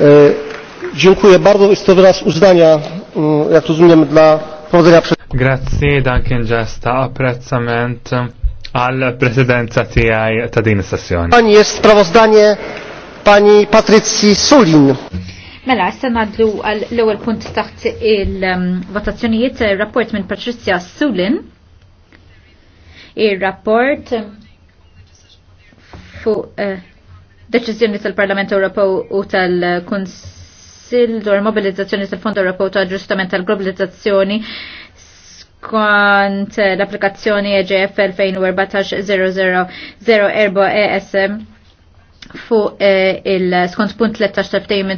E, dziękuję bardzo. Jest to wyraz uznania, mm, jak rozumiem, dla prowadzenia przez... Grazie, dan kien ġesta apprezzament al presidenza TI ta' din is Pani jest sprawozdanie pani Patrycji Sulin. Mela, issa nadlu għall-ewwel punt taħt il-votazzjonijiet eh, rapport minn Patrizja Sulin. il rapport fuq eh, deċiżjoni tal-Parlament Ewropew u tal-Kunsill dwar mobilizzazzjoni tal-Fond Ewropew ta' ġustament tal-globalizzazzjoni skont l-applikazzjoni EGF 2014-0004 ESM fuq eh, il-skont punt 13 ta' ftejim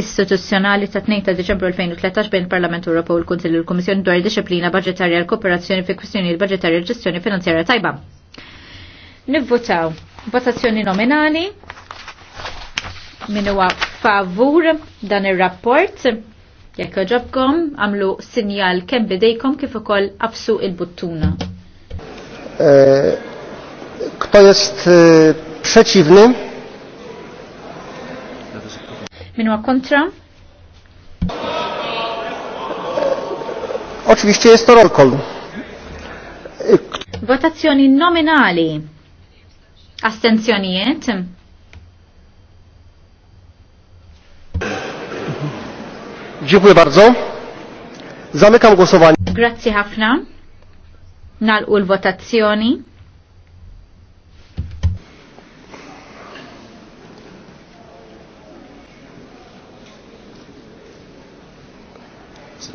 istituzzjonali ta' 2 ta' Deċembru 2013 bejn il-Parlament Ewropew u l-Kunsill u l-Kummissjoni dwar disciplina budgetarja l kooperazzjoni fi kwistjonijiet budgetarja ġestjoni finanzjarja tajba. Nivvotaw Votazzjoni nominali. Min huwa favur dan ir-rapport. Jekk ġobkom għamlu sinjal kemm bidejkom kif ukoll absu il-buttuna. Eh, kto jest e, przeciwny? Min huwa kontra? E, oczywiście jest to roll call. E, Votazzjoni nominali. Astenzjonijiet? Dziękuję bardzo. Zamykam głosowanie. Grazie ħafna. Nal u l-votazzjoni.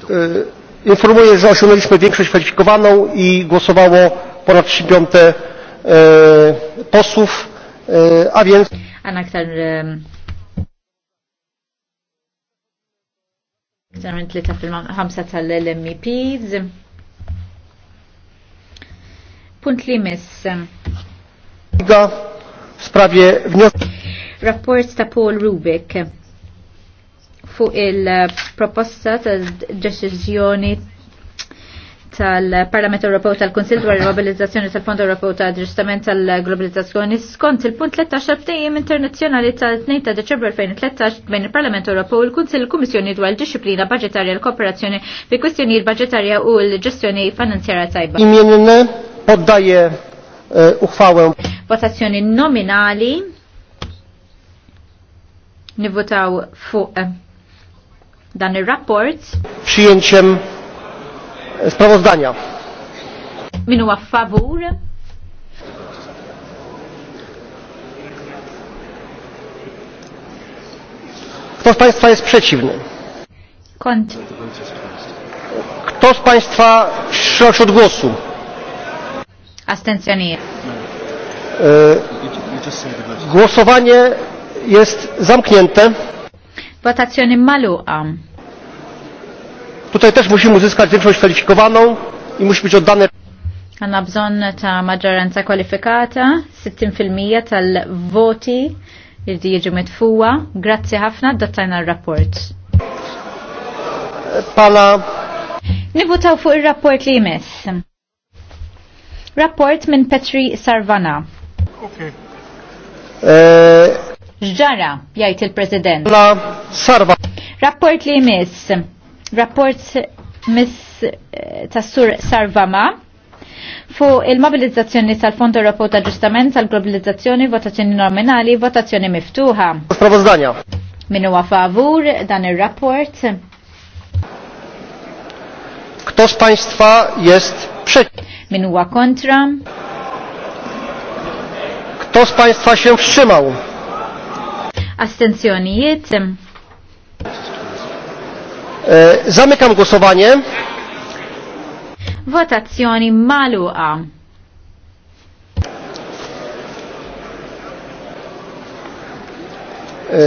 E, informuję, że osiągnęliśmy większość kwalifikowaną i głosowało ponad 3 piąte E, posłów, e, a więc... Għanna ktar e, ktar minn tal-MEPs. Punt li miss. W sprawie wniosku. Rapport ta' Paul Rubik fuq il-proposta ta' deċizjoni tal-Parlament Ewropew tal kunsil dwar il-mobilizzazzjoni tal-Fond Ewropew ta' Aġġustament tal-Globalizzazzjoni skont il-punt 13 ftehim internazzjonali tal-2 ta' Deċembru 2013 bejn il-Parlament Ewropew u l-Kunsill kummissjoni dwar il-disciplina budġetarja l-kooperazzjoni fi kwistjonijiet budgetarja u l-ġestjoni finanzjarja tajba. poddaje Votazzjoni nominali nivvotaw fuq dan ir rapport sprawozdania. Minu a favur? Kto z Państwa jest przeciwny? Kont. Kto z Państwa wstrzymał się od głosu? Astencjonuje. E, głosowanie jest zamknięte. Votazione maluam. Tutaj też musimy uzyskać większość kwalifikowaną i musi być oddane. Għanna bżon ta' maġġoranza kwalifikata, 60% tal-voti jirdi jiġu metfuwa. Grazzi ħafna, dottajna l-rapport. Pala. Nibutaw fuq il-rapport li jmiss. Rapport minn Petri Sarvana. Ok. Ġġara, eh, jajt il-President. Sarva. Rapport li jmiss rapport miss eh, tassur Sarvama fu il-mobilizzazzjoni tal-Fond Europeo ta' Ġustament tal-Globalizzazzjoni, votazzjoni nominali, votazzjoni miftuħa. Stravozdanja. Min huwa favur dan ir-rapport. Kto z Państwa jest przeciw? Min huwa kontra? Kto z Państwa się wstrzymał? Astenzjonijiet. E, zamykam głosowanie. Votazzjoni maluqa. E,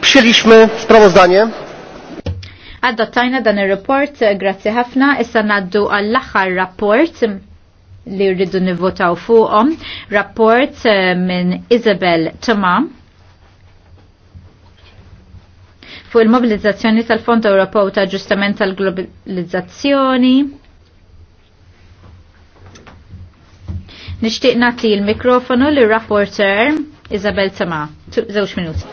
przyjęliśmy sprawozdanie. Adottajna dan il-report, grazie ħafna, issa naddu għall-axar rapport li rridu nivvotaw fuqom, rapport eh, minn Isabel Tamam. fuq il-mobilizzazzjoni tal-Fond Ewropew ta' ġustament tal-globalizzazzjoni. Nixtieq nagħti l-mikrofonu lir rapporter Isabel Tama. Żewġ minuti.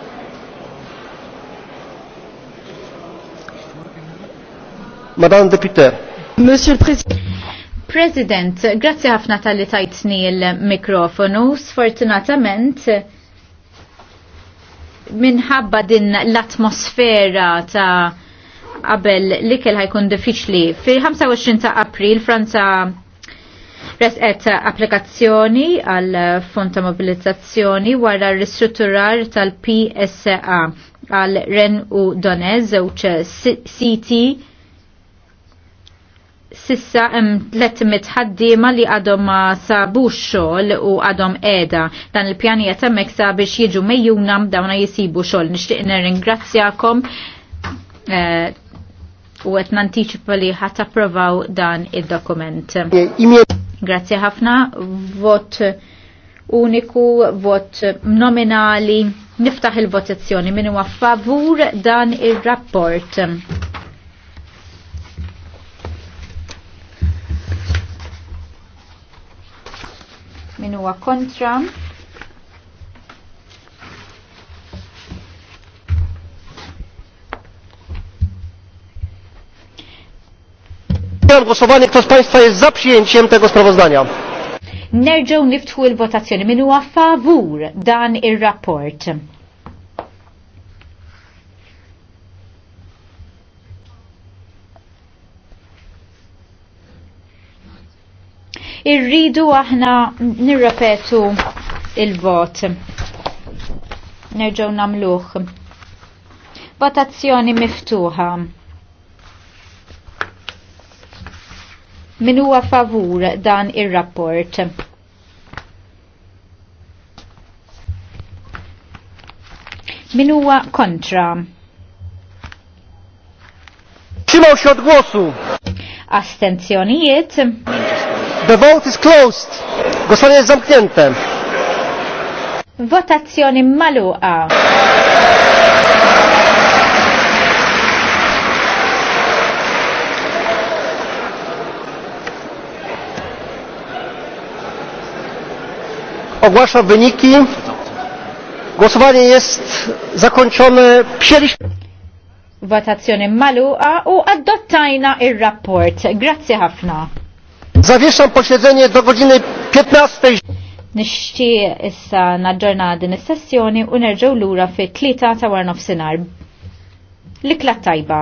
Madame Depute. Monsieur President. President, grazzi ħafna tal-li tajtni l-mikrofonu. Sfortunatament, minħabba din l-atmosfera ta' qabel l kell ħajkun diffiċli. Fi 25 ta' april Franza resqet applikazzjoni għal fond ta' mobilizzazzjoni wara r-ristrutturar tal-PSA għal Ren u Donez, żewġ siti Sissa hemm 300 ħaddiema li għadhom ma sabux xogħol u għadhom qiegħda. Dan il-pjani hemmhekk sa biex jiġu mejjuna dawna jisibu xogħol. Nixtieq nirringrazzjakom eh, u qed nantiċipa li ħadd approvaw dan id-dokument. Grazzi ħafna, vot uniku, vot nominali. Niftaħ il-votazzjoni min huwa favur dan ir-rapport. min huwa kontra głosowanie. Kto z Państwa jest za przyjęciem tego sprawozdania? Nerġaw niftħu il-votazzjoni minu għaffa favur dan il rapport irridu aħna nirrepetu il-vot. Nerġaw namluħ. Votazzjoni miftuħa. Min huwa favur dan ir-rapport. Min huwa kontra. Simaw xod Astenzjonijiet. The vote is closed. Gostaria jest zamknięte. Votazzjoni maluqa. Ogłaszam wyniki. Głosowanie jest zakończone. Przyjęliśmy votazzjoni maluqa u adottajna il rapport Grazie ħafna. Zawieszam posiedzenie do godziny 15. Nixtieq issa naġġorna din is-sessjoni u nerġgħu lura fit-tlieta ta' warnof sinar. l tajba.